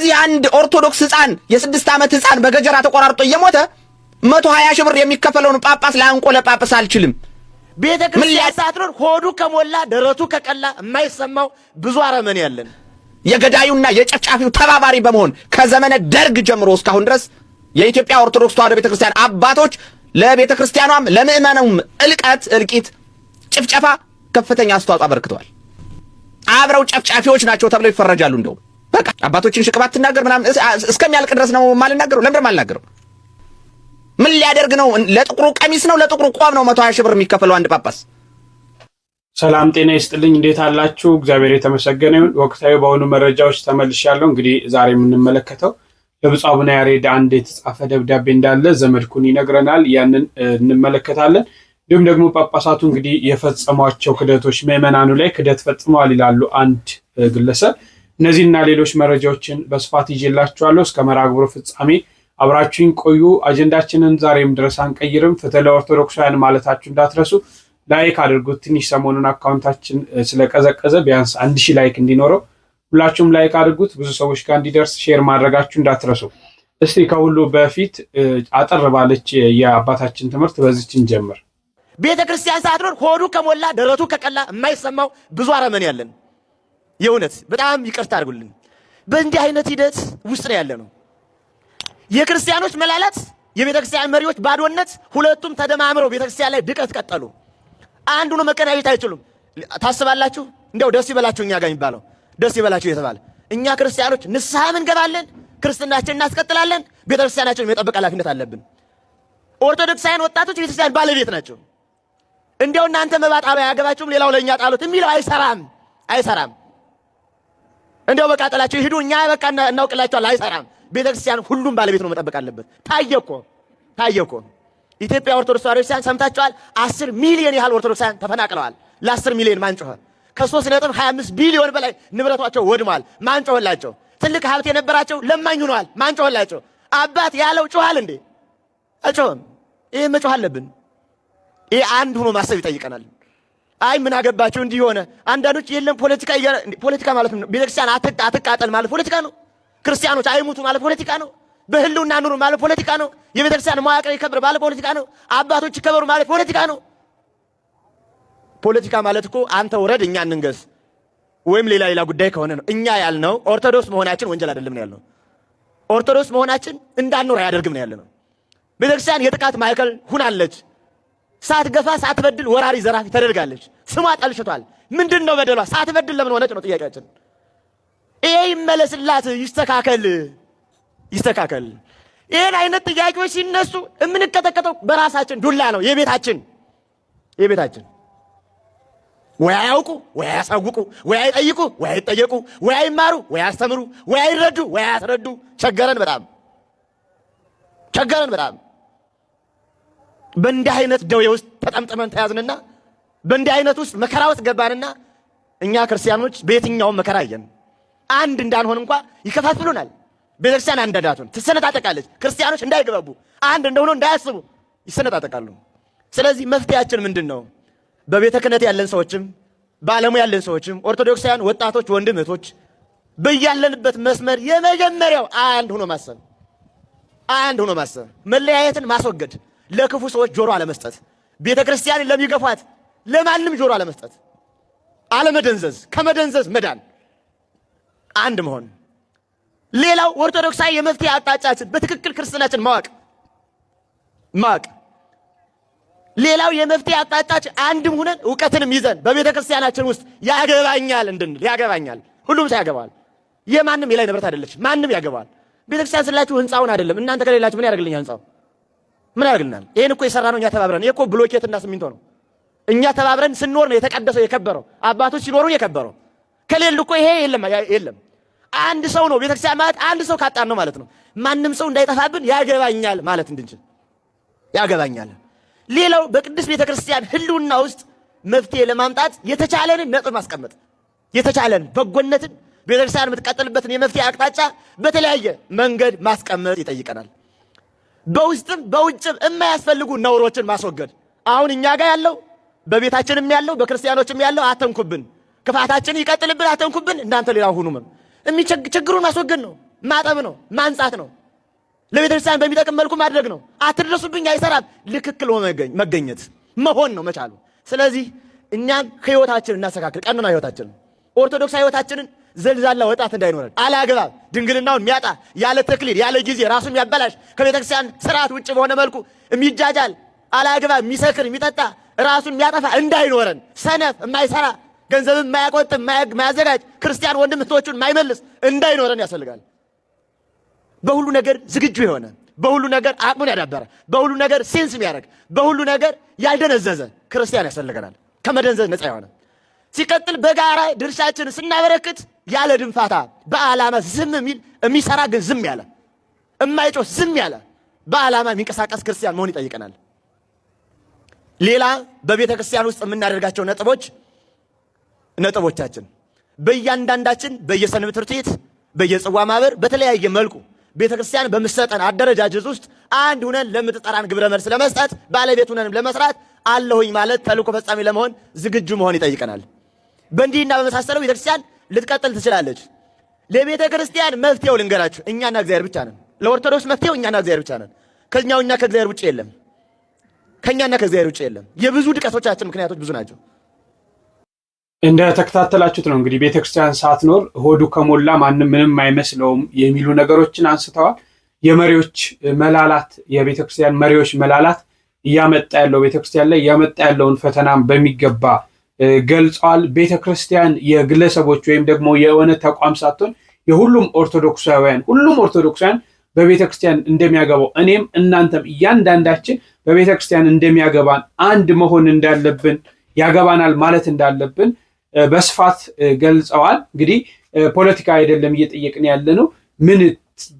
ስለዚህ አንድ ኦርቶዶክስ ህፃን የስድስት ዓመት ህፃን በገጀራ ተቆራርጦ እየሞተ መቶ ሀያ ሺህ ብር የሚከፈለውን ጳጳስ ለአንቆ ለጳጳስ አልችልም። ቤተ ክርስቲያን ሳትኖር ሆዱ ከሞላ ደረቱ ከቀላ የማይሰማው ብዙ አረመኔ ያለን የገዳዩና የጨፍጫፊው ተባባሪ በመሆን ከዘመነ ደርግ ጀምሮ እስካሁን ድረስ የኢትዮጵያ ኦርቶዶክስ ተዋህዶ ቤተ ክርስቲያን አባቶች ለቤተ ክርስቲያኗም ለምእመናውም እልቀት፣ እልቂት፣ ጭፍጨፋ ከፍተኛ አስተዋጽኦ አበርክተዋል። አብረው ጨፍጫፊዎች ናቸው ተብለው ይፈረጃሉ እንደውም በቃ አባቶችን ሽቅብ አትናገር ምናምን እስከሚያልቅ ድረስ ነው የማልናገረው። ለምንድን የማልናገረው? ምን ሊያደርግ ነው? ለጥቁሩ ቀሚስ ነው ለጥቁሩ ቆብ ነው መቶ ሀያ ሺህ ብር የሚከፈለው አንድ ጳጳስ። ሰላም ጤና ይስጥልኝ። እንዴት አላችሁ? እግዚአብሔር የተመሰገነ ይሁን። ወቅታዊ በሆኑ መረጃዎች ተመልሻለሁ። እንግዲህ ዛሬ የምንመለከተው ለብፁዕ አቡነ ያሬድ አንድ የተጻፈ ደብዳቤ እንዳለ ዘመድኩን ይነግረናል። ያንን እንመለከታለን። እንዲሁም ደግሞ ጳጳሳቱ እንግዲህ የፈጸሟቸው ክደቶች ምዕመናኑ ላይ ክደት ፈጽመዋል ይላሉ አንድ ግለሰብ እነዚህና ሌሎች መረጃዎችን በስፋት ይዤላችኋለሁ። እስከ መርሃ ግብሩ ፍጻሜ አብራችሁኝ ቆዩ። አጀንዳችንን ዛሬም ድረስ አንቀይርም። ፍትህ ለኦርቶዶክሳውያን ማለታችሁ እንዳትረሱ። ላይክ አድርጉት። ትንሽ ሰሞኑን አካውንታችን ስለቀዘቀዘ ቢያንስ አንድ ሺህ ላይክ እንዲኖረው ሁላችሁም ላይክ አድርጉት። ብዙ ሰዎች ጋር እንዲደርስ ሼር ማድረጋችሁ እንዳትረሱ። እስቲ ከሁሉ በፊት አጠር ባለች የአባታችን ትምህርት በዚች እንጀምር። ቤተ ክርስቲያን ሳትኖር ሆዱ ከሞላ ደረቱ ከቀላ የማይሰማው ብዙ አረመን ያለን የእውነት በጣም ይቅርታ አድርጉልን። በእንዲህ አይነት ሂደት ውስጥ ነው ያለ ነው። የክርስቲያኖች መላላት፣ የቤተ ክርስቲያን መሪዎች ባዶነት፣ ሁለቱም ተደማምረው ቤተ ክርስቲያን ላይ ድቀት ቀጠሉ። አንዱ ነው መቀናየት አይችሉም። ታስባላችሁ? እንዲያው ደስ ይበላችሁ እኛ ጋር የሚባለው ደስ ይበላችሁ የተባለ እኛ ክርስቲያኖች ንስሐም እንገባለን፣ ክርስትናችን እናስቀጥላለን። ቤተ ክርስቲያናችን የመጠበቅ ኃላፊነት አለብን። ኦርቶዶክሳውያን ወጣቶች ቤተክርስቲያን ባለቤት ናቸው። እንዲያው እናንተ መባ አያገባችሁም፣ ሌላው ለእኛ ጣሉት የሚለው አይሰራም አይሰራም። እንዲያው በቃ ጥላቸው ይሄዱ። እኛ በቃ እናውቅላቸዋል። አይሰራም። ቤተክርስቲያን ሁሉም ባለቤት ነው መጠበቅ አለበት። ታየ እኮ ታየ እኮ ኢትዮጵያ ኦርቶዶክስ ተዋሕዶ ክርስቲያን ሰምታችኋል። አስር ሚሊዮን ያህል ኦርቶዶክሳን ተፈናቅለዋል። ለአስር ሚሊዮን ማን ከ ከሶስት ነጥብ ሀያ አምስት ቢሊዮን በላይ ንብረቷቸው ወድሟል። ማን ትልቅ ሀብት የነበራቸው ለማኝ ሆነዋል። ማን አባት ያለው ጮኋል እንዴ? አልጮኸም። ይህ መጮህ አለብን። ይህ አንድ ሆኖ ማሰብ ይጠይቀናል። አይ ምን አገባቸው እንዲህ ሆነ። አንዳንዶች የለም ፖለቲካ ፖለቲካ ማለት ነው። ቤተክርስቲያን አትቃጠል ማለት ፖለቲካ ነው። ክርስቲያኖች አይሙቱ ማለት ፖለቲካ ነው። በህልውና ኑሩ ማለት ፖለቲካ ነው። የቤተክርስቲያን መዋቅር ይከብር ማለት ፖለቲካ ነው። አባቶች ይከበሩ ማለት ፖለቲካ ነው። ፖለቲካ ማለት እኮ አንተ ውረድ እኛ እንንገስ ወይም ሌላ ሌላ ጉዳይ ከሆነ ነው። እኛ ያልነው ኦርቶዶክስ መሆናችን ወንጀል አይደለም ነው ያልነው። ኦርቶዶክስ መሆናችን እንዳንኖር አያደርግም ነው ያለነው። ቤተክርስቲያን የጥቃት ማዕከል ሁናለች። ሳትገፋ ሳትበድል ወራሪ ዘራፊ ተደርጋለች። ስሟ ጠልሽቷል። ምንድን ነው በደሏ? ሳትበድል ለምን ሆነች ነው ጥያቄያችን። ይሄ ይመለስላት፣ ይስተካከል፣ ይስተካከል። ይህን አይነት ጥያቄዎች ሲነሱ የምንቀጠቀጠው በራሳችን ዱላ ነው። የቤታችን የቤታችን ወይ አያውቁ ወይ አያሳውቁ ወይ አይጠይቁ ወይ አይጠየቁ ወይ አይማሩ ወይ አያስተምሩ ወይ አይረዱ ወይ አያስረዱ። ቸገረን በጣም ቸገረን በጣም በእንዲህ አይነት ደዌ ውስጥ ተጠምጥመን ተያዝንና በእንዲህ አይነት ውስጥ መከራ ውስጥ ገባንና እኛ ክርስቲያኖች በየትኛውም መከራ አየን አንድ እንዳንሆን እንኳ ይከፋፍሉናል። ቤተክርስቲያን አንዳንዳቱን ትሰነጣጠቃለች። ክርስቲያኖች እንዳይግባቡ አንድ እንደሆኑ እንዳያስቡ ይሰነጣጠቃሉ። ስለዚህ መፍትሄያችን ምንድን ነው? በቤተ ክህነት ያለን ሰዎችም በዓለሙ ያለን ሰዎችም ኦርቶዶክሳውያን ወጣቶች፣ ወንድም እህቶች በያለንበት መስመር የመጀመሪያው አንድ ሆኖ ማሰብ አንድ ሆኖ ማሰብ መለያየትን ማስወገድ ለክፉ ሰዎች ጆሮ አለመስጠት፣ ቤተ ክርስቲያንን ለሚገፋት ለማንም ጆሮ አለመስጠት፣ አለመደንዘዝ፣ ከመደንዘዝ መዳን፣ አንድ መሆን። ሌላው ኦርቶዶክሳዊ የመፍትሄ አቅጣጫችን በትክክል ክርስትናችን ማወቅ ማወቅ። ሌላው የመፍትሄ አቅጣጫችን አንድም ሁነን እውቀትንም ይዘን በቤተ ክርስቲያናችን ውስጥ ያገባኛል እንድንል ያገባኛል። ሁሉም ሰው ያገባዋል። የማንም የላይ ንብረት አይደለች። ማንም ያገባዋል። ቤተክርስቲያን ስላችሁ ህንፃውን አይደለም። እናንተ ከሌላችሁ ምን ያደርግልኛል ህንፃው? ምን አድርግልናል? ይህን እኮ የሰራ ነው እኛ ተባብረን። ይህ እኮ ብሎኬትና ሲሚንቶ ነው። እኛ ተባብረን ስንኖር ነው የተቀደሰው የከበረው። አባቶች ሲኖሩ የከበረው። ከሌሉ እኮ ይሄ የለም አንድ ሰው ነው ቤተክርስቲያን ማለት አንድ ሰው ካጣን ነው ማለት ነው። ማንም ሰው እንዳይጠፋብን ያገባኛል ማለት እንድንችል ያገባኛል። ሌላው በቅዱስ ቤተክርስቲያን ህልውና ውስጥ መፍትሄ ለማምጣት የተቻለንን ነጥብ ማስቀመጥ የተቻለን በጎነትን ቤተክርስቲያን የምትቀጥልበትን የመፍትሄ አቅጣጫ በተለያየ መንገድ ማስቀመጥ ይጠይቀናል። በውስጥም በውጭም የማያስፈልጉ ነውሮችን ማስወገድ። አሁን እኛ ጋር ያለው በቤታችንም ያለው በክርስቲያኖችም ያለው አተንኩብን፣ ክፋታችን ይቀጥልብን፣ አተንኩብን። እናንተ ሌላ ሁኑምም ችግሩን ማስወገድ ነው፣ ማጠብ ነው፣ ማንጻት ነው፣ ለቤተ ክርስቲያን በሚጠቅም መልኩ ማድረግ ነው። አትድረሱብኝ፣ አይሰራም። ልክክል መገኘት መሆን ነው መቻሉ። ስለዚህ እኛም ህይወታችንን እናስተካክል፣ ቀኑና ህይወታችንን ኦርቶዶክስ ህይወታችንን ዘልዛላ ወጣት እንዳይኖረን አላግባብ ድንግልናውን የሚያጣ ያለ ተክሊል ያለ ጊዜ ራሱን የሚያበላሽ ከቤተክርስቲያን ስርዓት ውጭ በሆነ መልኩ የሚጃጃል አላግባብ የሚሰክር የሚጠጣ ራሱን የሚያጠፋ እንዳይኖረን። ሰነፍ የማይሰራ ገንዘብ የማያቆጥብ የማያዘጋጅ ክርስቲያን ወንድም እህቶቹን የማይመልስ እንዳይኖረን ያስፈልጋል። በሁሉ ነገር ዝግጁ የሆነ በሁሉ ነገር አቅሙን ያዳበረ በሁሉ ነገር ሴንስ የሚያደርግ በሁሉ ነገር ያልደነዘዘ ክርስቲያን ያስፈልገናል። ከመደንዘዝ ነፃ የሆነ ሲቀጥል በጋራ ድርሻችን ስናበረክት ያለ ድንፋታ በዓላማ ዝም የሚል የሚሰራ ግን ዝም ያለ የማይጮህ ዝም ያለ በዓላማ የሚንቀሳቀስ ክርስቲያን መሆን ይጠይቀናል። ሌላ በቤተ ክርስቲያን ውስጥ የምናደርጋቸው ነጥቦች ነጥቦቻችን በእያንዳንዳችን በየሰንበት ትምህርት ቤት በየጽዋ ማህበር በተለያየ መልኩ ቤተ ክርስቲያን በምሰጠን አደረጃጀት ውስጥ አንድ ሁነን ለምትጠራን ግብረ መልስ ለመስጠት ባለቤት ሁነንም ለመስራት አለሁኝ ማለት ተልእኮ ፈጻሚ ለመሆን ዝግጁ መሆን ይጠይቀናል። በእንዲህና በመሳሰለው ቤተክርስቲያን ልትቀጥል ትችላለች። ለቤተ ክርስቲያን መፍትሄው ልንገራችሁ፣ እኛና እግዚአብሔር ብቻ ነን። ለኦርቶዶክስ መፍትሄው እኛና እግዚአብሔር ብቻ ነን። ከኛው እኛ ከእግዚአብሔር ውጭ የለም። ከእኛና ከእግዚአብሔር ውጭ የለም። የብዙ ድቀቶቻችን ምክንያቶች ብዙ ናቸው። እንደተከታተላችሁት ነው እንግዲህ ቤተክርስቲያን ሳትኖር ሆዱ ከሞላ ማንም ምንም አይመስለውም የሚሉ ነገሮችን አንስተዋል። የመሪዎች መላላት የቤተክርስቲያን መሪዎች መላላት እያመጣ ያለው ቤተክርስቲያን ላይ እያመጣ ያለውን ፈተናም በሚገባ ገልጿል። ቤተ ክርስቲያን የግለሰቦች ወይም ደግሞ የእውነት ተቋም ሳትሆን የሁሉም ኦርቶዶክሳውያን ሁሉም ኦርቶዶክሳውያን በቤተ ክርስቲያን እንደሚያገባው እኔም እናንተም እያንዳንዳችን በቤተ ክርስቲያን እንደሚያገባን አንድ መሆን እንዳለብን ያገባናል ማለት እንዳለብን በስፋት ገልጸዋል። እንግዲህ ፖለቲካ አይደለም እየጠየቅን ያለ ነው። ምን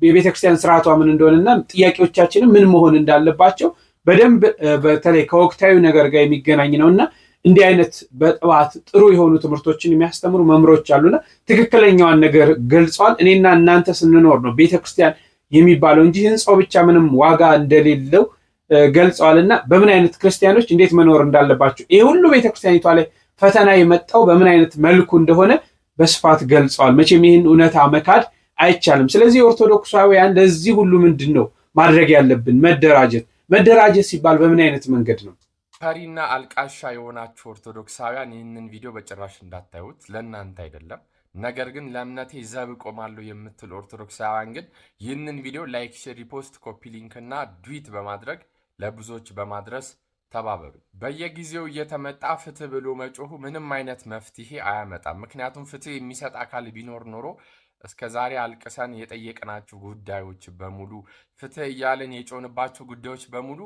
የቤተ ክርስቲያን ስርዓቷ ምን እንደሆነና ጥያቄዎቻችንም ምን መሆን እንዳለባቸው በደንብ በተለይ ከወቅታዊ ነገር ጋር የሚገናኝ ነውእና። እንዲህ አይነት በጥዋት ጥሩ የሆኑ ትምህርቶችን የሚያስተምሩ መምህሮች አሉና ትክክለኛዋን ነገር ገልጿል። እኔና እናንተ ስንኖር ነው ቤተክርስቲያን የሚባለው እንጂ ህንፃው ብቻ ምንም ዋጋ እንደሌለው ገልጸዋል። እና በምን አይነት ክርስቲያኖች እንዴት መኖር እንዳለባቸው ይህ ሁሉ ቤተክርስቲያኒቷ ላይ ፈተና የመጣው በምን አይነት መልኩ እንደሆነ በስፋት ገልጸዋል። መቼም ይህን እውነታ መካድ አይቻልም። ስለዚህ ኦርቶዶክሳውያን ለዚህ ሁሉ ምንድን ነው ማድረግ ያለብን? መደራጀት። መደራጀት ሲባል በምን አይነት መንገድ ነው? ፈሪና አልቃሻ የሆናችሁ ኦርቶዶክሳውያን ይህንን ቪዲዮ በጭራሽ እንዳታዩት፣ ለእናንተ አይደለም። ነገር ግን ለእምነቴ ዘብ ቆማለሁ የምትል ኦርቶዶክሳውያን ግን ይህንን ቪዲዮ ላይክ፣ ሼር፣ ሪፖስት፣ ኮፒ ሊንክ እና ድዊት በማድረግ ለብዙዎች በማድረስ ተባበሩ። በየጊዜው እየተመጣ ፍትህ ብሎ መጮሁ ምንም አይነት መፍትሄ አያመጣም። ምክንያቱም ፍትህ የሚሰጥ አካል ቢኖር ኖሮ እስከ ዛሬ አልቅሰን የጠየቅናችሁ ጉዳዮች በሙሉ ፍትህ እያለን የጮንባችሁ ጉዳዮች በሙሉ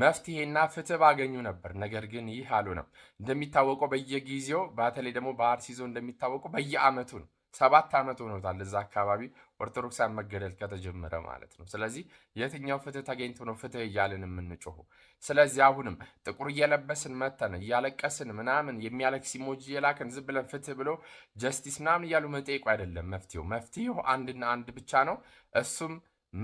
መፍትሄና ፍትህ ባገኙ ነበር። ነገር ግን ይህ ነው እንደሚታወቀው በየጊዜው በተለይ ደግሞ በአርሲ ዞን እንደሚታወቀው በየአመቱ ነው። ሰባት ዓመት ሆኖታል እዛ አካባቢ ኦርቶዶክሳን መገደል ከተጀመረ ማለት ነው። ስለዚህ የትኛው ፍትህ ተገኝቶ ነው ፍትህ እያልን የምንጮሁ? ስለዚህ አሁንም ጥቁር እየለበስን መተን እያለቀስን ምናምን የሚያለቅስ ኢሞጂ የላክን ዝም ብለን ፍትህ ብሎ ጀስቲስ ምናምን እያሉ መጠየቁ አይደለም መፍትሄው። መፍትሄው አንድና አንድ ብቻ ነው እሱም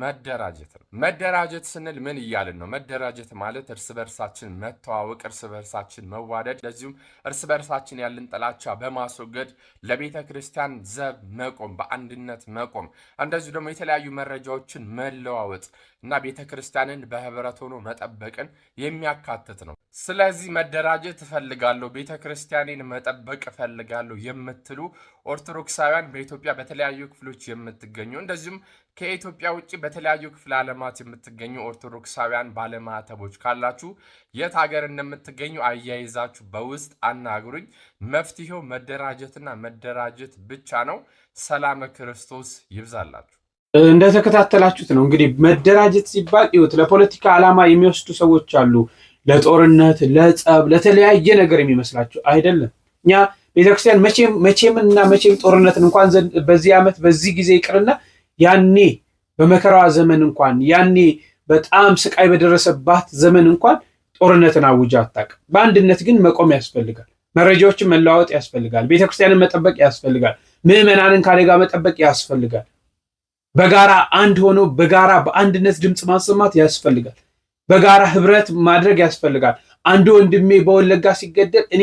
መደራጀት ነው። መደራጀት ስንል ምን እያልን ነው? መደራጀት ማለት እርስ በርሳችን መተዋወቅ፣ እርስ በርሳችን መዋደድ፣ ለዚሁም እርስ በርሳችን ያለን ጥላቻ በማስወገድ ለቤተ ክርስቲያን ዘብ መቆም፣ በአንድነት መቆም፣ እንደዚሁ ደግሞ የተለያዩ መረጃዎችን መለዋወጥ እና ቤተ ክርስቲያንን በህብረት ሆኖ መጠበቅን የሚያካትት ነው። ስለዚህ መደራጀት እፈልጋለሁ፣ ቤተ ክርስቲያኔን መጠበቅ እፈልጋለሁ የምትሉ ኦርቶዶክሳውያን በኢትዮጵያ በተለያዩ ክፍሎች የምትገኙ እንደዚሁም ከኢትዮጵያ ውጭ በተለያዩ ክፍለ ዓለማት የምትገኙ ኦርቶዶክሳውያን ባለማዕተቦች ካላችሁ የት ሀገር እንደምትገኙ አያይዛችሁ በውስጥ አናግሩኝ። መፍትሄው መደራጀትና መደራጀት ብቻ ነው። ሰላም ክርስቶስ ይብዛላችሁ። እንደተከታተላችሁት ነው እንግዲህ መደራጀት ሲባል ይወት ለፖለቲካ ዓላማ የሚወስዱ ሰዎች አሉ። ለጦርነት፣ ለጸብ፣ ለተለያየ ነገር የሚመስላችሁ አይደለም። እኛ ቤተክርስቲያን መቼም መቼምና መቼም ጦርነትን እንኳን በዚህ ዓመት በዚህ ጊዜ ይቅርና ያኔ በመከራዋ ዘመን እንኳን ያኔ በጣም ስቃይ በደረሰባት ዘመን እንኳን ጦርነትን አውጃ አታውቅም። በአንድነት ግን መቆም ያስፈልጋል። መረጃዎችን መለዋወጥ ያስፈልጋል። ቤተክርስቲያንን መጠበቅ ያስፈልጋል። ምዕመናንን ከአደጋ መጠበቅ ያስፈልጋል። በጋራ አንድ ሆኖ በጋራ በአንድነት ድምፅ ማሰማት ያስፈልጋል። በጋራ ህብረት ማድረግ ያስፈልጋል። አንዱ ወንድሜ በወለጋ ሲገደል እኔ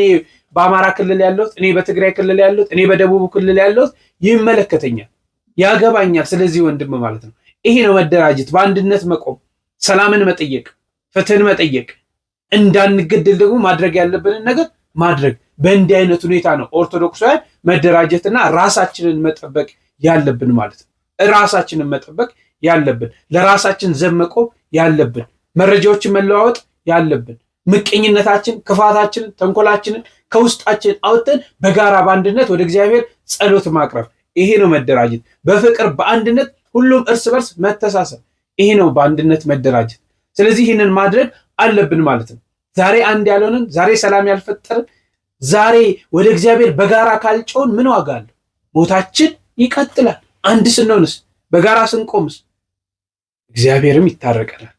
በአማራ ክልል ያለሁት፣ እኔ በትግራይ ክልል ያለሁት፣ እኔ በደቡብ ክልል ያለሁት ይመለከተኛል፣ ያገባኛል ስለዚህ ወንድም ማለት ነው። ይሄ ነው መደራጀት፣ በአንድነት መቆም፣ ሰላምን መጠየቅ፣ ፍትህን መጠየቅ፣ እንዳንገደል ደግሞ ማድረግ ያለብንን ነገር ማድረግ። በእንዲህ አይነት ሁኔታ ነው ኦርቶዶክሳውያን መደራጀትና ራሳችንን መጠበቅ ያለብን ማለት ነው። ራሳችንን መጠበቅ ያለብን፣ ለራሳችን ዘብ መቆም ያለብን፣ መረጃዎችን መለዋወጥ ያለብን፣ ምቀኝነታችን፣ ክፋታችንን፣ ተንኮላችንን ከውስጣችን አውጥተን በጋራ በአንድነት ወደ እግዚአብሔር ጸሎት ማቅረብ፣ ይሄ ነው መደራጀት። በፍቅር በአንድነት ሁሉም እርስ በርስ መተሳሰብ፣ ይሄ ነው በአንድነት መደራጀት። ስለዚህ ይህንን ማድረግ አለብን ማለት ነው። ዛሬ አንድ ያልሆንን፣ ዛሬ ሰላም ያልፈጠርን፣ ዛሬ ወደ እግዚአብሔር በጋራ ካልጨውን ምን ዋጋ አለው? ሞታችን ይቀጥላል። አንድ ስንሆንስ በጋራ ስንቆምስ እግዚአብሔርም ይታረቀናል።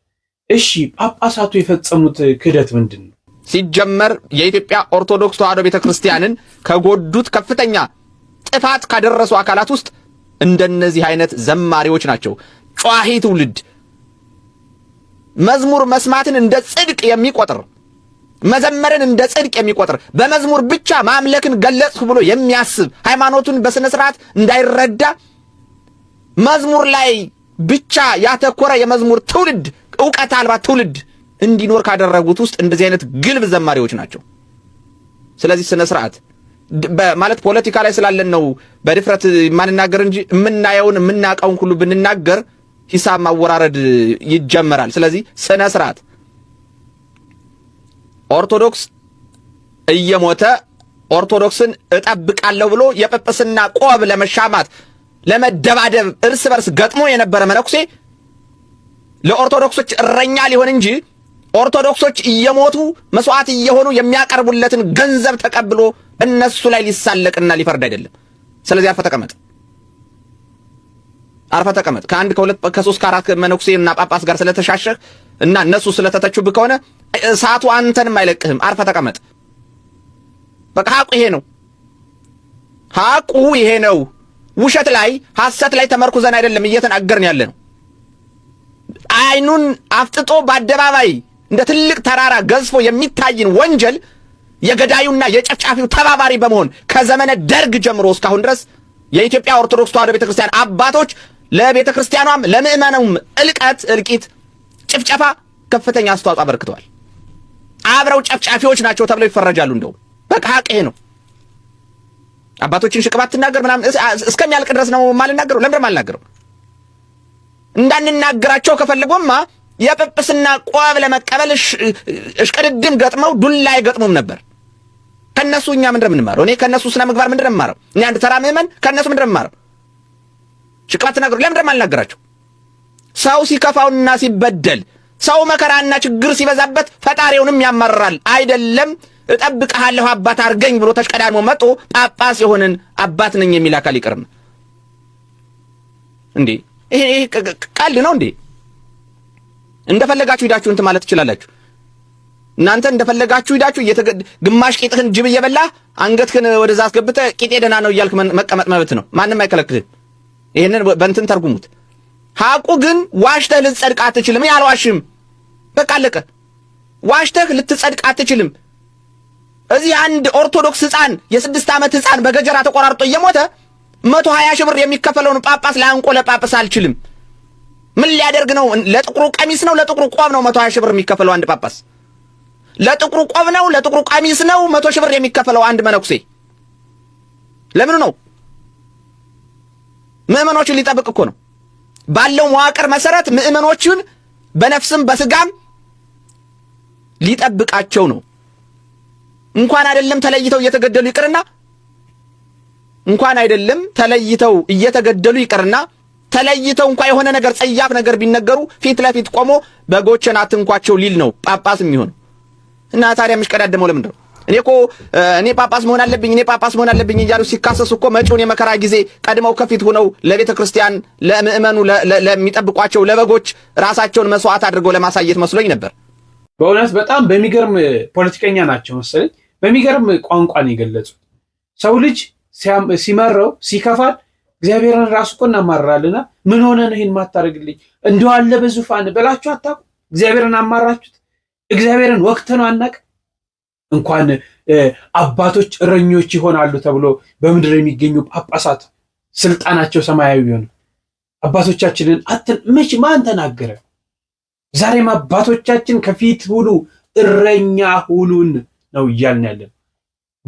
እሺ ጳጳሳቱ የፈጸሙት ክህደት ምንድን ነው? ሲጀመር የኢትዮጵያ ኦርቶዶክስ ተዋሕዶ ቤተ ክርስቲያንን ከጎዱት ከፍተኛ ጥፋት ካደረሱ አካላት ውስጥ እንደነዚህ አይነት ዘማሪዎች ናቸው። ጨዋሂ ትውልድ መዝሙር መስማትን እንደ ጽድቅ የሚቆጥር መዘመርን እንደ ጽድቅ የሚቆጥር በመዝሙር ብቻ ማምለክን ገለጽሁ ብሎ የሚያስብ ሃይማኖቱን በስነ ስርዓት እንዳይረዳ መዝሙር ላይ ብቻ ያተኮረ የመዝሙር ትውልድ እውቀት አልባ ትውልድ እንዲኖር ካደረጉት ውስጥ እንደዚህ አይነት ግልብ ዘማሪዎች ናቸው። ስለዚህ ስነ ስርዓት ማለት ፖለቲካ ላይ ስላለን ነው በድፍረት የማንናገር እንጂ የምናየውን የምናቀውን ሁሉ ብንናገር ሂሳብ ማወራረድ ይጀመራል። ስለዚህ ስነ ስርዓት ኦርቶዶክስ እየሞተ ኦርቶዶክስን እጠብቃለሁ ብሎ የጵጵስና ቆብ ለመሻማት ለመደባደብ እርስ በርስ ገጥሞ የነበረ መነኩሴ ለኦርቶዶክሶች እረኛ ሊሆን እንጂ ኦርቶዶክሶች እየሞቱ መስዋዕት እየሆኑ የሚያቀርቡለትን ገንዘብ ተቀብሎ እነሱ ላይ ሊሳለቅና ሊፈርድ አይደለም። ስለዚህ አርፈ ተቀመጥ፣ አርፈ ተቀመጥ። ከአንድ ከሁለት ከሶስት ከአራት መነኩሴ እና ጳጳስ ጋር ስለተሻሸህ እና እነሱ ስለተተቹብህ ከሆነ እሳቱ አንተንም አይለቅህም። አርፈ ተቀመጥ። በቃ ሀቁ ይሄ ነው። ሀቁ ይሄ ነው። ውሸት ላይ ሐሰት ላይ ተመርኩዘን አይደለም እየተናገርን ያለ ነው። አይኑን አፍጥጦ በአደባባይ እንደ ትልቅ ተራራ ገዝፎ የሚታይን ወንጀል የገዳዩና የጨፍጫፊው ተባባሪ በመሆን ከዘመነ ደርግ ጀምሮ እስካሁን ድረስ የኢትዮጵያ ኦርቶዶክስ ተዋሕዶ ቤተ ክርስቲያን አባቶች ለቤተ ክርስቲያኗም ለምእመናውም እልቀት፣ እልቂት፣ ጭፍጨፋ ከፍተኛ አስተዋጽኦ አበርክተዋል። አብረው ጨፍጫፊዎች ናቸው ተብለው ይፈረጃሉ። እንደውም በቃ ሀቅ ይሄ ነው። አባቶችን ሽቅብ አትናገር ምናምን እስከሚያልቅ ድረስ ነው የማልናገረው። ለምንድን የማልናገረው? እንዳንናገራቸው ከፈልጎማ የጵጵስና ቆብ ለመቀበል እሽቅድድም ገጥመው ዱላ አይገጥሙም ነበር። ከእነሱ እኛ ምንድን የምንማረው? እኔ ከነሱ ስነ ምግባር ምንድን የምማረው? እኔ አንድ ተራ ምዕመን ከእነሱ ምንድን የምማረው? ሽቅብ አትናገሩ። ለምንድን የማልናገራቸው? ሰው ሲከፋውና ሲበደል ሰው መከራና ችግር ሲበዛበት ፈጣሪውንም ያማርራል አይደለም እጠብቅሃለሁ አባት አርገኝ ብሎ ተሽቀዳድሞ መጦ ጳጳስ የሆንን አባት ነኝ የሚል አካል ይቀርም እንዴ? ይሄ ቀልድ ነው እንዴ? እንደፈለጋችሁ ሂዳችሁ እንትን ማለት ትችላላችሁ። እናንተ እንደፈለጋችሁ ሂዳችሁ ግማሽ ቂጥህን ጅብ እየበላ አንገትህን ወደዛ አስገብተ ቂጤ ደህና ነው እያልክ መቀመጥ መብት ነው፣ ማንም አይከለክልም። ይህንን በእንትን ተርጉሙት። ሐቁ ግን ዋሽተህ ልትጸድቅ አትችልም። ያልዋሽም በቃ አለቀ። ዋሽተህ ልትጸድቅ አትችልም። እዚህ አንድ ኦርቶዶክስ ሕፃን የስድስት ዓመት ሕፃን በገጀራ ተቆራርጦ እየሞተ መቶ ሀያ ሺህ ብር የሚከፈለውን ጳጳስ ለአንቆ ለጳጳስ አልችልም። ምን ሊያደርግ ነው? ለጥቁሩ ቀሚስ ነው ለጥቁሩ ቆብ ነው መቶ ሀያ ሺህ ብር የሚከፈለው አንድ ጳጳስ? ለጥቁሩ ቆብ ነው ለጥቁሩ ቀሚስ ነው መቶ ሺህ ብር የሚከፈለው አንድ መነኩሴ? ለምኑ ነው? ምእመኖቹን ሊጠብቅ እኮ ነው። ባለው መዋቅር መሰረት ምእመኖቹን በነፍስም በስጋም ሊጠብቃቸው ነው። እንኳን አይደለም ተለይተው እየተገደሉ ይቅርና እንኳን አይደለም ተለይተው እየተገደሉ ይቅርና ተለይተው እንኳ የሆነ ነገር ጸያፍ ነገር ቢነገሩ ፊት ለፊት ቆሞ በጎችን አትንኳቸው ሊል ነው ጳጳስ የሚሆን እና ታዲያ የሚሽቀዳደመው ለምንድን ነው? እኔ እኮ እኔ ጳጳስ መሆን አለብኝ እኔ ጳጳስ መሆን አለብኝ እያሉ ሲካሰሱ እኮ መጪውን የመከራ ጊዜ ቀድመው ከፊት ሆነው ለቤተ ክርስቲያን ለምእመኑ ለሚጠብቋቸው ለበጎች ራሳቸውን መስዋዕት አድርገው ለማሳየት መስሎኝ ነበር። በእውነት በጣም በሚገርም ፖለቲከኛ ናቸው መሰለኝ። በሚገርም ቋንቋ ነው የገለጹት። ሰው ልጅ ሲመረው ሲከፋል እግዚአብሔርን ራሱ እኮ እናማርራልና ምን ሆነ ነው ይህን ማታደርግልኝ እንደው አለ በዙፋን ብላችሁ አታውቁ? እግዚአብሔርን አማራችሁት? እግዚአብሔርን ወቅት ነው አናቅ እንኳን አባቶች እረኞች ይሆናሉ ተብሎ በምድር የሚገኙ ጳጳሳት ስልጣናቸው ሰማያዊ ሆነ። አባቶቻችንን አትን መች ማን ተናገረ? ዛሬም አባቶቻችን ከፊት ሁሉ እረኛ ሁሉን ነው እያልን ያለን።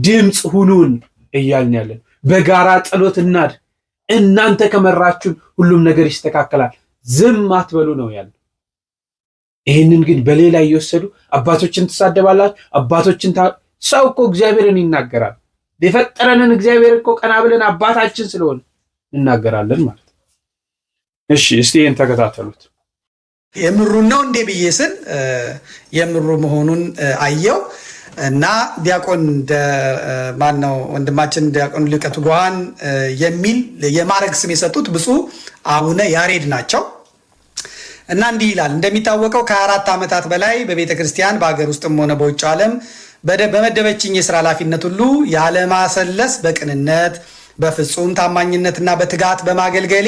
ድምፅ ሁኑን እያልን ያለን። በጋራ ጸሎት እናድ። እናንተ ከመራችሁን ሁሉም ነገር ይስተካከላል። ዝም አትበሉ ነው ያለ። ይህንን ግን በሌላ እየወሰዱ አባቶችን ትሳደባላችሁ፣ አባቶችን ሰው እኮ እግዚአብሔርን ይናገራል። የፈጠረንን እግዚአብሔር እኮ ቀና ብለን አባታችን ስለሆነ እናገራለን ማለት ነው። እሺ እስቲ ይህን ተከታተሉት። የምሩን ነው እንዴ ብዬ ስል የምሩ መሆኑን አየው። እና ዲያቆን ማን ነው ወንድማችን ዲያቆን ልቀቱ ጓን የሚል የማዕረግ ስም የሰጡት ብፁዕ አቡነ ያሬድ ናቸው። እና እንዲህ ይላል። እንደሚታወቀው ከአራት ዓመታት በላይ በቤተ ክርስቲያን በሀገር ውስጥም ሆነ በውጭ ዓለም በመደበችኝ የስራ ኃላፊነት ሁሉ ያለማሰለስ በቅንነት በፍጹም ታማኝነትና በትጋት በማገልገሌ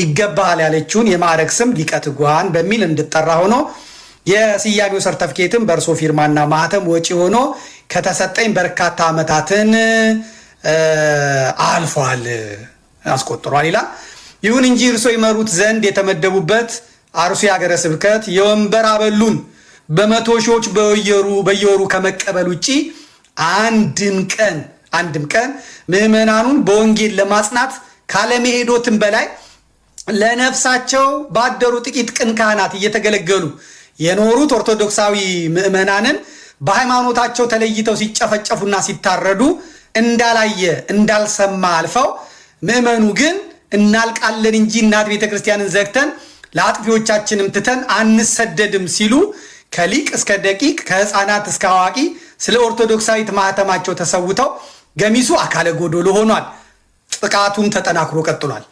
ይገባሃል ያለችውን የማዕረግ ስም ሊቀ ትጉሃን በሚል እንድጠራ ሆኖ የስያሜው ሰርተፍኬትም በእርሶ ፊርማና ማህተም ወጪ ሆኖ ከተሰጠኝ በርካታ ዓመታትን አልፏል አስቆጥሯል ይላል። ይሁን እንጂ እርሶ ይመሩት ዘንድ የተመደቡበት አርሱ የሀገረ ስብከት የወንበር አበሉን በመቶ ሺዎች በየወሩ ከመቀበል ውጭ አንድም ቀን አንድም ቀን ምዕመናኑን በወንጌል ለማጽናት ካለመሄዶትም በላይ ለነፍሳቸው ባደሩ ጥቂት ቅን ካህናት እየተገለገሉ የኖሩት ኦርቶዶክሳዊ ምዕመናንን በሃይማኖታቸው ተለይተው ሲጨፈጨፉና ሲታረዱ እንዳላየ እንዳልሰማ አልፈው ምዕመኑ ግን እናልቃለን እንጂ እናት ቤተ ክርስቲያንን ዘግተን ለአጥፊዎቻችንም ትተን አንሰደድም ሲሉ ከሊቅ እስከ ደቂቅ ከህፃናት እስከ አዋቂ ስለ ኦርቶዶክሳዊት ማህተማቸው ተሰውተው ገሚሱ አካለ ጎዶሎ ሆኗል። ጥቃቱም ተጠናክሮ ቀጥሏል።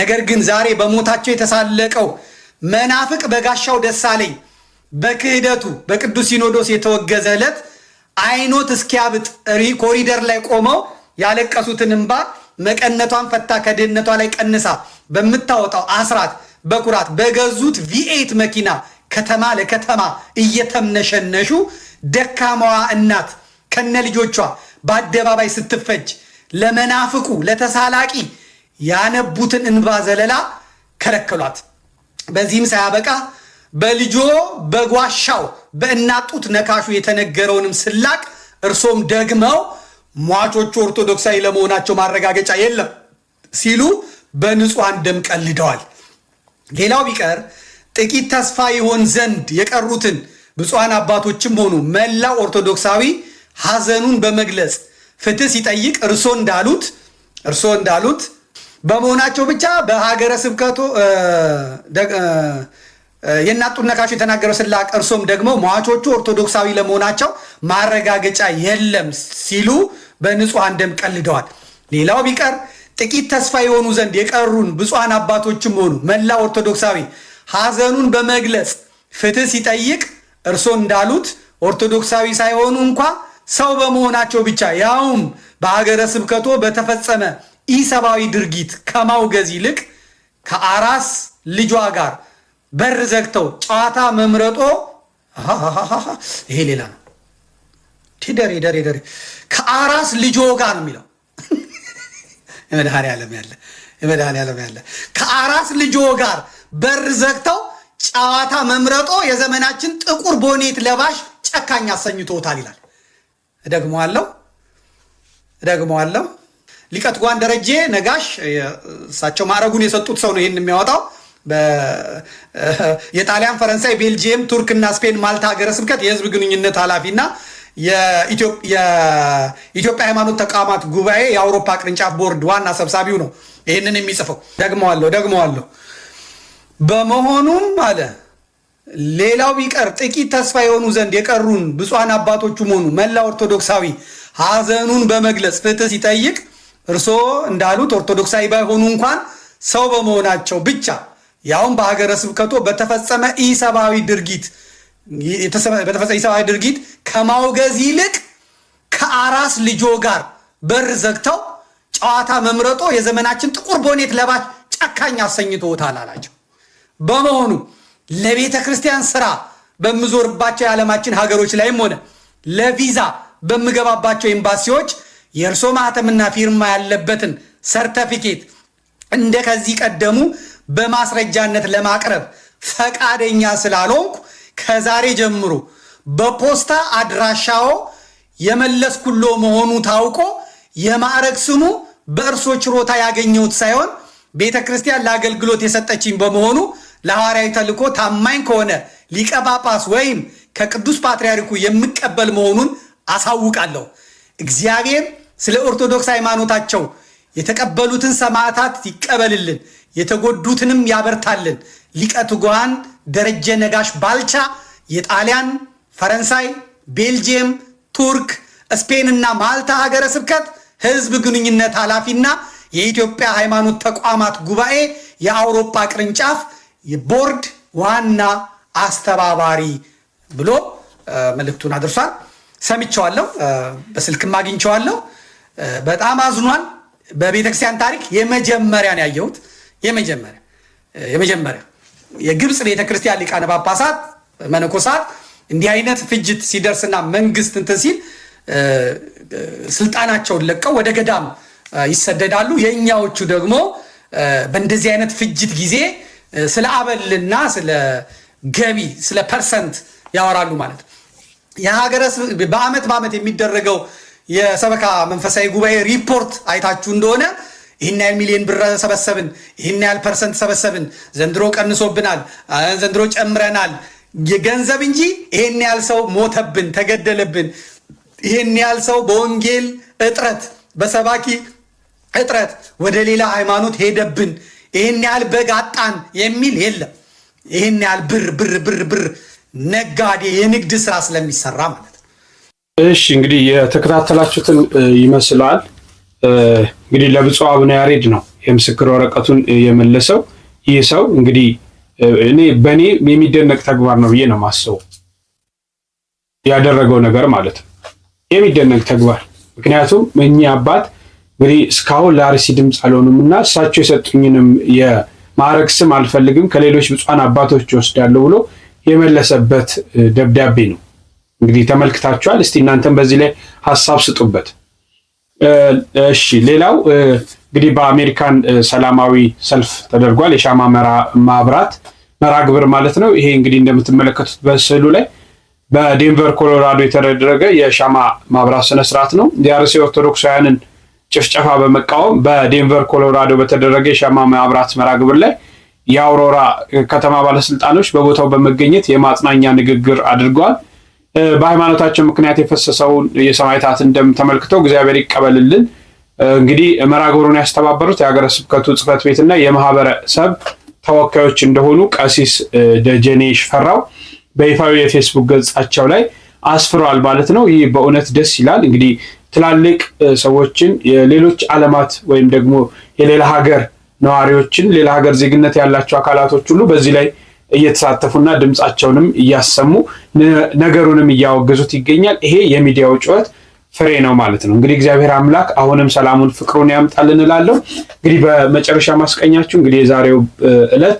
ነገር ግን ዛሬ በሞታቸው የተሳለቀው መናፍቅ በጋሻው ደሳለኝ በክህደቱ በቅዱስ ሲኖዶስ የተወገዘ ዕለት አይኖት እስኪያብጥ ኮሪደር ላይ ቆመው ያለቀሱትን እንባ መቀነቷን ፈታ ከድህነቷ ላይ ቀንሳ በምታወጣው አስራት በኩራት በገዙት ቪኤት መኪና ከተማ ለከተማ እየተምነሸነሹ ደካማዋ እናት ከነ ልጆቿ በአደባባይ ስትፈጅ ለመናፍቁ ለተሳላቂ ያነቡትን እንባ ዘለላ ከለከሏት። በዚህም ሳያበቃ በልጆ በጓሻው በእናጡት ነካሹ የተነገረውንም ስላቅ እርሶም ደግመው ሟቾቹ ኦርቶዶክሳዊ ለመሆናቸው ማረጋገጫ የለም ሲሉ በንጹሐን ደም ቀልደዋል። ሌላው ቢቀር ጥቂት ተስፋ ይሆን ዘንድ የቀሩትን ብፁዓን አባቶችም ሆኑ መላው ኦርቶዶክሳዊ ሐዘኑን በመግለጽ ፍትህ ሲጠይቅ እርሶ እንዳሉት እርሶ እንዳሉት በመሆናቸው ብቻ በሀገረ ስብከቱ የእናቱን ነካሹ የተናገረው ስላቅ እርሶም ደግሞ ሟቾቹ ኦርቶዶክሳዊ ለመሆናቸው ማረጋገጫ የለም ሲሉ በንጹሐን ደም ቀልደዋል። ሌላው ቢቀር ጥቂት ተስፋ የሆኑ ዘንድ የቀሩን ብፁዓን አባቶችም ሆኑ መላ ኦርቶዶክሳዊ ሐዘኑን በመግለጽ ፍትህ ሲጠይቅ እርሶ እንዳሉት ኦርቶዶክሳዊ ሳይሆኑ እንኳ ሰው በመሆናቸው ብቻ ያውም በሀገረ ስብከቶ በተፈጸመ ኢሰብአዊ ድርጊት ከማውገዝ ይልቅ ከአራስ ልጇ ጋር በር ዘግተው ጨዋታ መምረጦ ይሄ ሌላ ነው። ደሬ ደሬ ደሬ ከአራስ ልጆ ጋር ነው የሚለው የመድኃኔዓለም ያለ የመድኃኔዓለም ያለ ከአራስ ልጆ ጋር በር ዘግተው ጨዋታ መምረጦ የዘመናችን ጥቁር ቦኔት ለባሽ ጨካኝ አሰኝቶታል ይላል። ደግሞ እደግመዋለሁ እደግመዋለሁ። ሊቀት ጓን ደረጄ ነጋሽ እሳቸው ማዕረጉን የሰጡት ሰው ነው ይህን የሚያወጣው። የጣሊያን፣ ፈረንሳይ፣ ቤልጅየም፣ ቱርክ እና ስፔን ማልታ ሀገረ ስብከት የህዝብ ግንኙነት ኃላፊ የኢትዮጵያ ሃይማኖት ተቋማት ጉባኤ የአውሮፓ ቅርንጫፍ ቦርድ ዋና ሰብሳቢው ነው። ይህንን የሚጽፈው ደግመዋለሁ ደግመዋለሁ። በመሆኑም አለ ሌላው ቢቀር ጥቂት ተስፋ የሆኑ ዘንድ የቀሩን ብፁዓን አባቶቹ መሆኑ መላ ኦርቶዶክሳዊ ሀዘኑን በመግለጽ ፍትህ ሲጠይቅ እርስዎ እንዳሉት ኦርቶዶክሳዊ ባይሆኑ እንኳን ሰው በመሆናቸው ብቻ ያውም በሀገረ ስብከቶ በተፈጸመ ኢሰብአዊ ድርጊት በተፈጸመ ኢሰብአዊ ድርጊት ከማውገዝ ይልቅ ከአራስ ልጆ ጋር በር ዘግተው ጨዋታ መምረጦ የዘመናችን ጥቁር ቦኔት ለባሽ ጨካኝ አሰኝቶታል አላቸው። በመሆኑ ለቤተ ክርስቲያን ስራ በምዞርባቸው የዓለማችን ሀገሮች ላይም ሆነ ለቪዛ በምገባባቸው ኤምባሲዎች የእርሶ ማህተምና ፊርማ ያለበትን ሰርተፊኬት እንደ ከዚህ ቀደሙ በማስረጃነት ለማቅረብ ፈቃደኛ ስላልሆንኩ ከዛሬ ጀምሮ በፖስታ አድራሻዎ የመለስኩሎ መሆኑ ታውቆ የማዕረግ ስሙ በእርሶ ችሮታ ያገኘሁት ሳይሆን ቤተ ክርስቲያን ለአገልግሎት የሰጠችኝ በመሆኑ ለሐዋርያዊ ተልእኮ ታማኝ ከሆነ ሊቀ ጳጳስ ወይም ከቅዱስ ፓትርያርኩ የምቀበል መሆኑን አሳውቃለሁ። እግዚአብሔር ስለ ኦርቶዶክስ ሃይማኖታቸው የተቀበሉትን ሰማዕታት ይቀበልልን፣ የተጎዱትንም ያበርታልን። ሊቀ ትጉሃን ደረጀ ነጋሽ ባልቻ የጣሊያን ፈረንሳይ፣ ቤልጅየም፣ ቱርክ፣ ስፔን እና ማልታ ሀገረ ስብከት ህዝብ ግንኙነት ኃላፊና የኢትዮጵያ ሃይማኖት ተቋማት ጉባኤ የአውሮፓ ቅርንጫፍ የቦርድ ዋና አስተባባሪ ብሎ መልእክቱን አድርሷል። ሰምቼዋለሁ፣ በስልክም አግኝቸዋለሁ በጣም አዝኗል። በቤተክርስቲያን ታሪክ የመጀመሪያን ያየሁት የመጀመሪያ የመጀመሪያ የግብፅ ቤተክርስቲያን ሊቃነ ጳጳሳት መነኮሳት እንዲህ አይነት ፍጅት ሲደርስና መንግስት እንትን ሲል ስልጣናቸውን ለቀው ወደ ገዳም ይሰደዳሉ። የእኛዎቹ ደግሞ በእንደዚህ አይነት ፍጅት ጊዜ ስለ አበልና ስለ ገቢ ስለ ፐርሰንት ያወራሉ ማለት ነው። የሀገረ በአመት በአመት የሚደረገው የሰበካ መንፈሳዊ ጉባኤ ሪፖርት አይታችሁ እንደሆነ ይህን ያህል ሚሊዮን ብር ሰበሰብን፣ ይህን ያህል ፐርሰንት ሰበሰብን፣ ዘንድሮ ቀንሶብናል፣ ዘንድሮ ጨምረናል፣ የገንዘብ እንጂ ይህን ያህል ሰው ሞተብን፣ ተገደለብን፣ ይህን ያህል ሰው በወንጌል እጥረት በሰባኪ እጥረት ወደ ሌላ ሃይማኖት ሄደብን፣ ይህን ያህል በግ አጣን የሚል የለም። ይህን ያህል ብር ብር ብር ብር ነጋዴ የንግድ ስራ ስለሚሰራ ማለት እሺ እንግዲህ የተከታተላችሁትን ይመስላል። እንግዲህ ለብፁዕ አቡነ ያሬድ ነው የምስክር ወረቀቱን የመለሰው። ይህ ሰው እንግዲህ እኔ በእኔ የሚደነቅ ተግባር ነው ብዬ ነው የማስበው ያደረገው ነገር ማለት ነው የሚደነቅ ተግባር። ምክንያቱም እኚህ አባት እንግዲህ እስካሁን ለአርሲ ድምፅ አልሆኑም እና እሳቸው የሰጡኝንም የማዕረግ ስም አልፈልግም ከሌሎች ብፁዓን አባቶች ወስዳለሁ ብሎ የመለሰበት ደብዳቤ ነው። እንግዲህ ተመልክታችኋል። እስቲ እናንተም በዚህ ላይ ሀሳብ ስጡበት። እሺ ሌላው እንግዲህ በአሜሪካን ሰላማዊ ሰልፍ ተደርጓል። የሻማ ማብራት መራ ግብር ማለት ነው። ይሄ እንግዲህ እንደምትመለከቱት በስዕሉ ላይ በዴንቨር ኮሎራዶ የተደረገ የሻማ ማብራት ስነስርዓት ነው። የአርሲ ኦርቶዶክሳውያንን ጭፍጨፋ በመቃወም በዴንቨር ኮሎራዶ በተደረገ የሻማ ማብራት መራ ግብር ላይ የአውሮራ ከተማ ባለስልጣኖች በቦታው በመገኘት የማጽናኛ ንግግር አድርገዋል። በሃይማኖታቸው ምክንያት የፈሰሰውን የሰማዕታትን ደም ተመልክተው እግዚአብሔር ይቀበልልን። እንግዲህ መርሐ ግብሩን ያስተባበሩት የሀገረ ስብከቱ ጽሕፈት ቤትና የማህበረሰብ ተወካዮች እንደሆኑ ቀሲስ ደጀኔ ሽፈራው በይፋዊ የፌስቡክ ገጻቸው ላይ አስፍረዋል ማለት ነው። ይህ በእውነት ደስ ይላል። እንግዲህ ትላልቅ ሰዎችን የሌሎች ዓለማት ወይም ደግሞ የሌላ ሀገር ነዋሪዎችን ሌላ ሀገር ዜግነት ያላቸው አካላቶች ሁሉ በዚህ ላይ እየተሳተፉና ድምፃቸውንም እያሰሙ ነገሩንም እያወገዙት ይገኛል። ይሄ የሚዲያው ጩኸት ፍሬ ነው ማለት ነው። እንግዲህ እግዚአብሔር አምላክ አሁንም ሰላሙን ፍቅሩን ያምጣልን እላለሁ። እንግዲህ በመጨረሻ ማስቀኛችሁ እንግዲህ የዛሬው እለት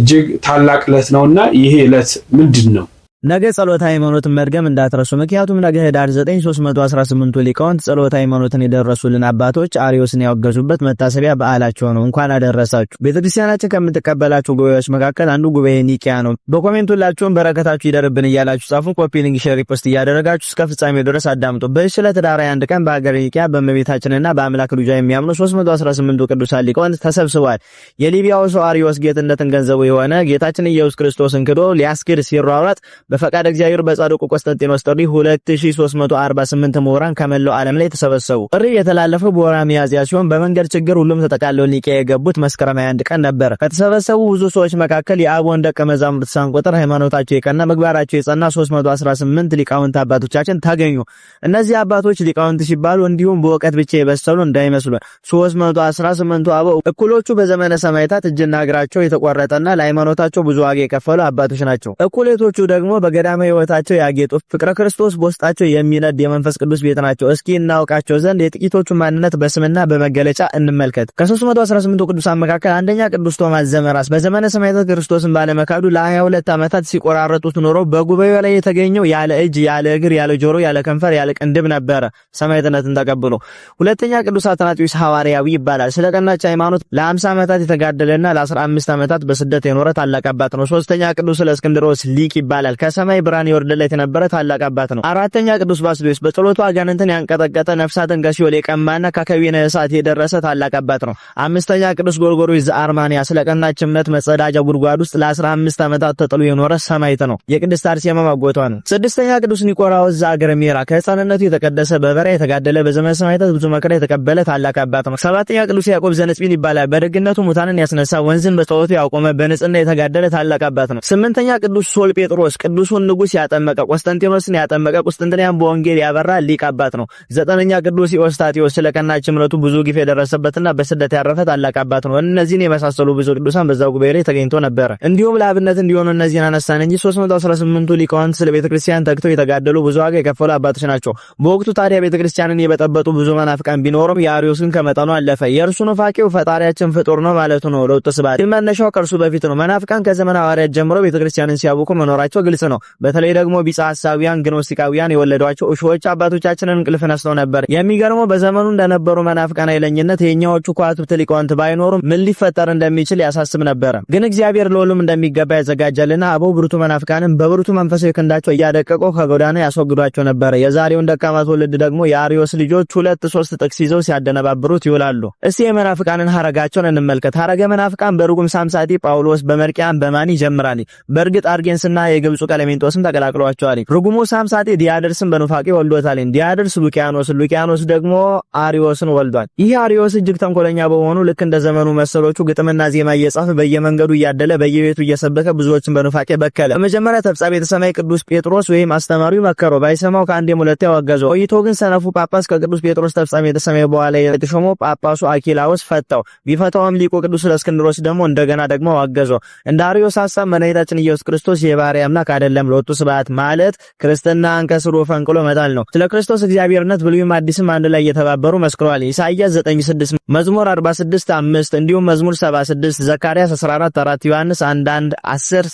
እጅግ ታላቅ እለት ነውእና ይሄ እለት ምንድን ነው? ነገ ጸሎተ ሃይማኖትን መድገም እንዳትረሱ። ምክንያቱም ነገ ህዳር 9 318ቱ ሊቃውንት ጸሎተ ሃይማኖትን የደረሱልን አባቶች አሪዮስን ያወገዙበት መታሰቢያ በዓላቸው ነው። እንኳን አደረሳችሁ። ቤተክርስቲያናችን ከምትቀበላቸው ጉባኤዎች መካከል አንዱ ጉባኤ ኒቂያ ነው። በኮሜንት ሁላችሁም በረከታችሁ ይደርብን እያላችሁ ጻፉ። ኮፒ ሊንክ፣ ሼር፣ ሪፖስት እያደረጋችሁ እስከ ፍጻሜ ድረስ አዳምጡ። በዚህ ዕለት ህዳር 21 ቀን በሀገረ ኒቂያ በእመቤታችንና በአምላክ ልጇ የሚያምኑ 318ቱ ቅዱሳን ሊቃውንት ተሰብስበዋል። የሊቢያው ሰው አሪዮስ ጌትነትን ገንዘቡ የሆነ ጌታችን ኢየሱስ ክርስቶስን ክዶ ሊያስክድ ሲሯሯጥ በፈቃድ እግዚአብሔር በጻድቁ ቆስጠንጢኖስ ጥሪ 2348 ምሁራን ከመላው ዓለም ላይ ተሰበሰቡ። ጥሪ የተላለፈው በወራ ሚያዝያ ሲሆን በመንገድ ችግር ሁሉም ተጠቃለው ሊቀ የገቡት መስከረም 21 ቀን ነበር። ከተሰበሰቡ ብዙ ሰዎች መካከል የአቡን ደቀ መዛሙርት ሳንቆጥር ሃይማኖታቸው የቀና ምግባራቸው የጸና 318 ሊቃውንት አባቶቻችን ታገኙ። እነዚህ አባቶች ሊቃውንት ሲባሉ እንዲሁም በእውቀት ብቻ የበሰሉ እንዳይመስሉ 318 318ቱ አበው እኩሎቹ በዘመነ ሰማዕታት እጅና እግራቸው የተቆረጠና ለሃይማኖታቸው ብዙ ዋጋ የከፈሉ አባቶች ናቸው። እኩሌቶቹ ደግሞ በገዳመ ሕይወታቸው ያጌጡ ፍቅረ ክርስቶስ በውስጣቸው የሚነድ የመንፈስ ቅዱስ ቤት ናቸው። እስኪ እናውቃቸው ዘንድ የጥቂቶቹ ማንነት በስምና በመገለጫ እንመልከት። ከ318 ቅዱሳን መካከል አንደኛ ቅዱስ ቶማስ ዘመራስ በዘመነ ሰማዕታት ክርስቶስን ባለመካዱ ለ22 ዓመታት ሲቆራረጡት ኖሮ በጉባኤው ላይ የተገኘው ያለ እጅ፣ ያለ እግር፣ ያለ ጆሮ፣ ያለ ከንፈር፣ ያለ ቅንድብ ነበረ ሰማዕትነትን ተቀብሎ። ሁለተኛ ቅዱስ አትናጢዮስ ሐዋርያዊ ይባላል። ስለ ቀናች ሃይማኖት ለ50 ዓመታት የተጋደለና ለ15 ዓመታት በስደት የኖረ ታላቅ አባት ነው። ሶስተኛ ቅዱስ ለእስክንድሮስ ሊቅ ይባላል። ከሰማይ ብርሃን ይወርድለት የነበረ ታላቅ አባት ነው። አራተኛ ቅዱስ ባስልዮስ በጸሎቱ አጋንንትን ያንቀጠቀጠ ነፍሳትን ከሲኦል የቀማና ከከቢነ እሳት የደረሰ ታላቅ አባት ነው። አምስተኛ ቅዱስ ጎርጎርዮስ ዘአርማንያ ስለ ቀናች እምነት መጸዳጃ ጉድጓድ ውስጥ ለ15 ዓመታት ተጥሎ የኖረ ሰማይት ነው። የቅድስት አርሴማ ማጎቷ ነው። ስድስተኛ ቅዱስ ኒቆራዎስ ዘአገረ ከህፃንነቱ የተቀደሰ በበራ የተጋደለ በዘመነ ሰማዕታት ብዙ መከራ የተቀበለ ታላቅ አባት ነው። ሰባተኛ ቅዱስ ያዕቆብ ዘነጽቢን ይባላል። በደግነቱ ሙታንን ያስነሳ፣ ወንዝን በጸሎቱ ያቆመ፣ በንጽህና የተጋደለ ታላቅ አባት ነው። ስምንተኛ ቅዱስ ሶል ጴጥሮስ ቅዱሱን ንጉሥ ያጠመቀ ቆስጠንጢኖስን ያጠመቀ ቁስጥንጥንያን በወንጌል ያበራ ሊቅ አባት ነው። ዘጠነኛ ቅዱስ ኢዎስጣቴዎስ ስለ ቀናች እምነቱ ብዙ ግፍ የደረሰበትና በስደት ያረፈ ታላቅ አባት ነው። እነዚህን የመሳሰሉ ብዙ ቅዱሳን በዛው ጉባኤ ተገኝቶ ነበረ። እንዲሁም ለአብነት እንዲሆኑ እነዚህን አነሳን እንጂ 318ቱ ሊቃውንት ስለ ቤተ ክርስቲያን ተግተው የተጋደሉ ብዙ ዋጋ የከፈሉ አባቶች ናቸው። በወቅቱ ታዲያ ቤተ ክርስቲያንን የበጠበጡ ብዙ መናፍቃን ቢኖሩም የአርዮስ ግን ከመጠኑ አለፈ። የእርሱ ኑፋቄው ፈጣሪያችን ፍጡር ነው ማለቱ ነው። ለውጥ ስባት መነሻው ከእርሱ በፊት ነው። መናፍቃን ከዘመነ ሐዋርያት ጀምሮ ቤተ ክርስቲያንን ሲያውኩ መኖራቸው ግልጽ ነው። በተለይ ደግሞ ቢጸ ሐሳቢያን ግኖስቲካውያን የወለዷቸው እሾዎች አባቶቻችንን እንቅልፍ ነስተው ነበር። የሚገርመው በዘመኑ እንደነበሩ መናፍቃን አይለኝነት የኛዎቹ ከዋክብት ሊቃውንት ባይኖሩም ምን ሊፈጠር እንደሚችል ያሳስብ ነበር ግን እግዚአብሔር ለሁሉም እንደሚገባ ያዘጋጀልና አበው ብርቱ መናፍቃንን በብርቱ መንፈሳዊ ክንዳቸው እያደቀቁ ከጎዳና ያስወግዷቸው ነበር የዛሬውን ደካማ ትውልድ ደግሞ የአሪዮስ ልጆች ሁለት ሶስት ጥቅስ ይዘው ሲያደነባብሩት ይውላሉ። እስቲ የመናፍቃንን ሐረጋቸውን እንመልከት። ሐረገ መናፍቃን በርጉም ሳምሳቲ ጳውሎስ በመርቅያን በማን ይጀምራል። በእርግጥ አርጌንስና የግብፁ ቀለሜንጦስም ተቀላቅሏቸዋል። ርጉሙ ሳምሳጤ ዲያደርስን በኑፋቄ ወልዶታል። ዲያደርስ ሉቂያኖስን፣ ሉኪያኖስ ደግሞ አሪዮስን ወልዷል። ይህ አሪዮስ እጅግ ተንኮለኛ በሆኑ ልክ እንደ ዘመኑ መሰሎቹ ግጥምና ዜማ እየጻፈ በየመንገዱ እያደለ በየቤቱ እየሰበከ ብዙዎችን በኑፋቄ በከለ። በመጀመሪያ ተብጻ ቤተሰማይ ቅዱስ ጴጥሮስ ወይም አስተማሪው መከረው፣ ባይሰማው ከአንዴም ሁለቴ አወገዘው። ቆይቶ ግን ሰነፉ ጳጳስ ከቅዱስ ጴጥሮስ ተብጻ ቤተሰማይ በኋላ የተሾመ ጳጳሱ አኪላውስ ፈታው። ቢፈታውም ሊቁ ቅዱስ እለእስክንድሮስ ደግሞ እንደገና ደግሞ አወገዘው። እንደ አሪዮስ ሐሳብ መድኃኒታችን ኢየሱስ ክርስቶስ የባሪያ አምላክ አደ አይደለም ለወጡ ስባት ማለት ክርስትናን ከስሩ ፈንቅሎ መጣል ነው። ስለ ክርስቶስ እግዚአብሔርነት ብሉይም አዲስም አንድ ላይ እየተባበሩ መስክረዋል። ኢሳይያስ 9:6፣ መዝሙር 46 5 እንዲሁም መዝሙር 76፣ ዘካርያስ 4 ዮሐንስ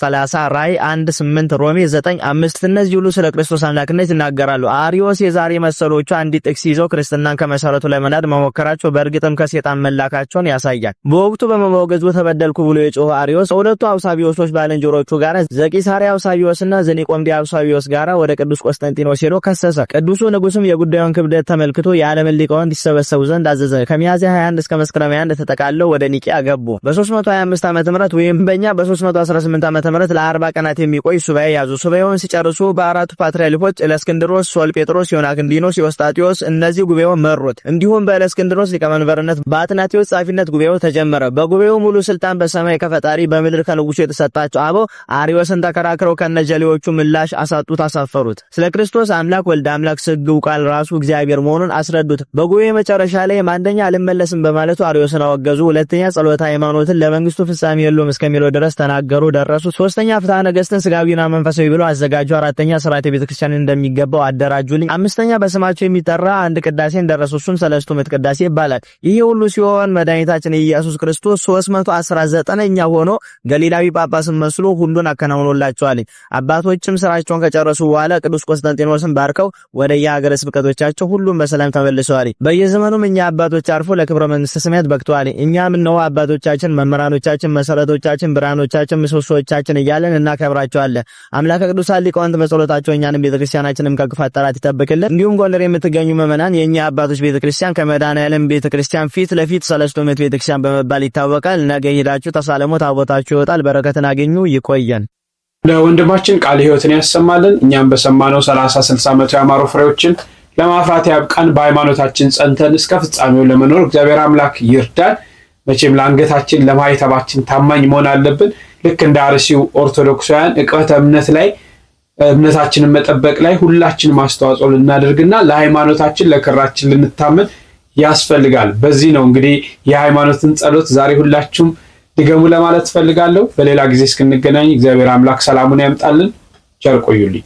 30 ራይ 1 8 ሮሜ 5 እነዚህ ሁሉ ስለ ክርስቶስ አምላክነት ይናገራሉ። አሪዮስ የዛሬ መሰሎቹ አንዲት ጥቅስ ይዘው ክርስትናን ከመሰረቱ ለመናድ መሞከራቸው በእርግጥም ከሴጣን መላካቸውን ያሳያል። በወቅቱ በመወገዙ ተበደልኩ ብሎ የጮኸ አሪዮስ ከሁለቱ አውሳቢዎሶች ባልንጀሮቹ ጋር ዘቂሳሪ አውሳቢዎስ ዲያብሎስና ዘኒቆም ዲያብሳዊዎስ ጋር ወደ ቅዱስ ቆስጠንጢኖስ ሄዶ ከሰሰ። ቅዱሱ ንጉስም የጉዳዩን ክብደት ተመልክቶ የዓለምን ሊቃውንት ይሰበሰቡ ዘንድ አዘዘ። ከሚያዝያ 21 እስከ መስከረም 21 ተጠቃለው ወደ ኒቂያ ገቡ። በ325 ዓ ም ወይም በእኛ በ318 ዓ ም ለ40 ቀናት የሚቆይ ሱባኤ ያዙ። ሱባኤውን ሲጨርሱ በአራቱ ፓትርያርኮች ሶል ሶልጴጥሮስ፣ ዮናክንዲኖስ፣ ዮስጣጢዎስ እነዚህ ጉባኤውን መሩት። እንዲሁም በእለእስክንድሮስ ሊቀመንበርነት በአትናቴዎስ ጻፊነት ጉባኤው ተጀመረ። በጉባኤው ሙሉ ስልጣን በሰማይ ከፈጣሪ በምድር ከንጉሱ የተሰጣቸው አበው አርዮስን ተከራክረው ከነጀ ወንጀሌዎቹ ምላሽ አሳጡት፣ አሳፈሩት። ስለ ክርስቶስ አምላክ ወልድ አምላክ ስግው ቃል ራሱ እግዚአብሔር መሆኑን አስረዱት። በጉባኤ መጨረሻ ላይ አንደኛ አልመለስም በማለቱ አርዮስን አወገዙ። ሁለተኛ ጸሎተ ሃይማኖትን ለመንግስቱ ፍጻሜ የሉም እስከሚለው ድረስ ተናገሩ፣ ደረሱ። ሶስተኛ ፍትሐ ነገስትን ስጋዊና መንፈሳዊ ብለው አዘጋጁ። አራተኛ ስርዓተ ቤተክርስቲያን እንደሚገባው አደራጁልኝ። አምስተኛ በስማቸው የሚጠራ አንድ ቅዳሴን ደረሱ። እሱም ሰለስቱ ምዕት ቅዳሴ ይባላል። ይህ ሁሉ ሲሆን መድኃኒታችን ኢየሱስ ክርስቶስ 319ኛ ሆኖ ገሊላዊ ጳጳስን መስሎ ሁሉን አከናውኖላቸዋል። አባቶችም ስራቸውን ከጨረሱ በኋላ ቅዱስ ቆስጠንጢኖስን ባርከው ወደ የሀገረ ስብከቶቻቸው ሁሉም በሰላም ተመልሰዋል። በየዘመኑም እኛ አባቶች አርፎ ለክብረ መንግስት ስሜት በቅተዋል። እኛም እነሆ አባቶቻችን፣ መምህራኖቻችን፣ መሰረቶቻችን፣ ብርሃኖቻችን፣ ምሰሶዎቻችን እያለን እናከብራቸዋለን። አምላከ ቅዱሳን ሊቃውንት በጸሎታቸው እኛንም ቤተክርስቲያናችንም ከክፋት ጠላት ይጠብቅልን። እንዲሁም ጎንደር የምትገኙ ምዕመናን የእኛ አባቶች ቤተክርስቲያን ከመድኃኔዓለም ቤተክርስቲያን ፊት ለፊት ሰለስቱ ምዕት ቤተክርስቲያን በመባል ይታወቃል። ነገ ሄዳችሁ ተሳለሞት አቦታችሁ ይወጣል። በረከትን አገኙ። ይቆየን። ለወንድማችን ቃለ ሕይወትን ያሰማልን። እኛም በሰማነው ሰላሳ ስልሳ መቶ ያማሩ ፍሬዎችን ለማፍራት ያብቃን። በሃይማኖታችን ጸንተን እስከ ፍጻሜው ለመኖር እግዚአብሔር አምላክ ይርዳን። መቼም ለአንገታችን ለማይተባችን ታማኝ መሆን አለብን። ልክ እንደ አርሲው ኦርቶዶክሳውያን ዕቅበተ እምነት ላይ እምነታችንን መጠበቅ ላይ ሁላችን ማስተዋጽኦ ልናደርግና ለሃይማኖታችን ለክራችን ልንታመን ያስፈልጋል። በዚህ ነው እንግዲህ የሃይማኖትን ጸሎት ዛሬ ሁላችሁም ድገሙ ለማለት ትፈልጋለሁ። በሌላ ጊዜ እስክንገናኝ እግዚአብሔር አምላክ ሰላሙን ያምጣልን። ቸር ቆዩልኝ።